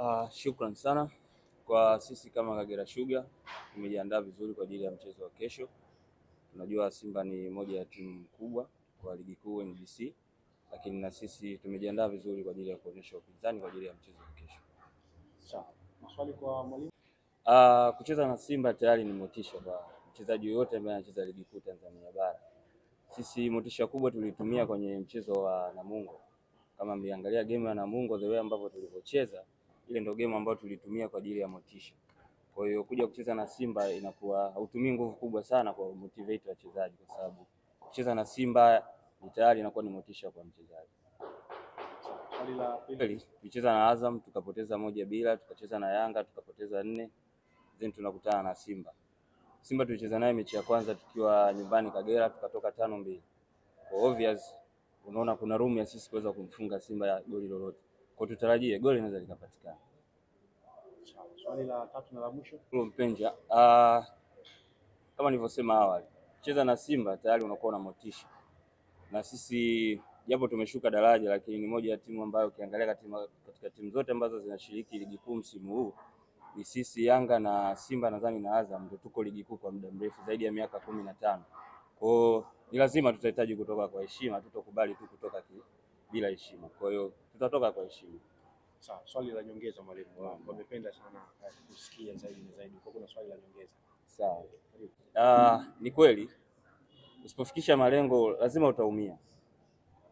Uh, shukran sana kwa sisi kama Kagera Sugar tumejiandaa vizuri kwa ajili ya mchezo wa kesho. Tunajua Simba ni moja ya timu kubwa kwa ligi kuu NBC, lakini na sisi tumejiandaa vizuri kwa ajili ya kuonyesha upinzani kwa ajili ya mchezo wa kesho. Sawa. Maswali kwa mwalimu? Uh, kucheza na Simba tayari ni motisha kwa mchezaji yoyote ambaye anacheza ligi kuu Tanzania bara. Sisi motisha kubwa tulitumia kwenye mchezo wa Namungo. Kama mliangalia game ya Namungo the way ambavyo tulivyocheza ile ndio game ambayo tulitumia kwa ajili ya motisha. Kwa hiyo kuja kucheza na Simba inakuwa hautumii nguvu kubwa sana kwa motivate wachezaji, kwa sababu kucheza na Simba ni tayari inakuwa ni motisha kwa mchezaji. Tulicheza na Azam tukapoteza moja bila, tukacheza na Yanga tukapoteza nne, then tunakutana na Simba. Simba tulicheza naye mechi ya kwanza tukiwa nyumbani Kagera, tukatoka tano mbili. Kwa obvious unaona kuna room ya sisi kuweza kumfunga Simba ya goli lolote. Kwa tutarajie goli linaweza likapatikana swali la tatu na la mwisho. Mpenja, uh, kama nilivyosema awali, cheza na Simba tayari unakuwa na motisha, na sisi japo tumeshuka daraja, lakini ni moja ya timu ambayo ukiangalia katika, katika timu zote ambazo zinashiriki ligi kuu msimu huu ni sisi Yanga na Simba nadhani na Azam ndio tuko ligi kuu kwa muda mrefu zaidi ya miaka kumi na tano. Kwa hiyo ni lazima tutahitaji kutoka kwa heshima, tutokubali tu kutoka bila heshima. Kwa hiyo tutatoka kwa heshima. Sawa, swali la nyongeza mwalimu Wamependa sana eh, kusikia zaidi na zaidi. Kwa kuna swali la nyongeza. Sawa. Ah, ni kweli usipofikisha malengo lazima utaumia.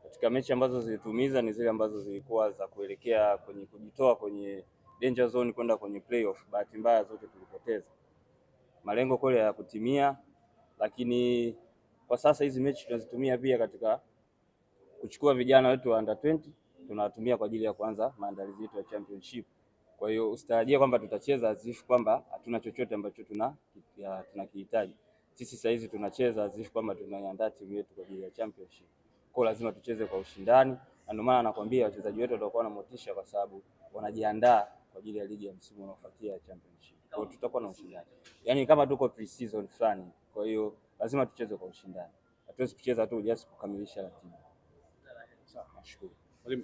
Katika mechi ambazo zilitumiza ni zile ambazo zilikuwa za kuelekea kwenye kujitoa kwenye danger zone kwenda kwenye playoff. Bahati mbaya zote tulipoteza. Malengo kweli hayakutimia, lakini kwa sasa hizi mechi tunazitumia pia katika kuchukua vijana wetu wa under 20 tunawatumia kwa ajili ya kuanza maandalizi yetu ya championship. Kwa hiyo usitarajie kwamba tutacheza azifu kwamba hatuna chochote ambacho tunakihitaji. Sisi saa hizi tunacheza azifu kwamba tunaiandaa timu yetu kwa ajili ya championship. Kwa lazima tucheze kwa ushindani, na ndio maana nakwambia wachezaji wetu watakuwa na motisha, kwa sababu wanajiandaa kwa ajili ya ligi ya msimu unaofuatia ya championship. Kwa hiyo tutakuwa na ushindani, yaani kama tuko pre-season fulani. Kwa hiyo lazima tucheze kwa ushindani, hatuwezi kucheza tu just kukamilisha ratiba. Nashukuru.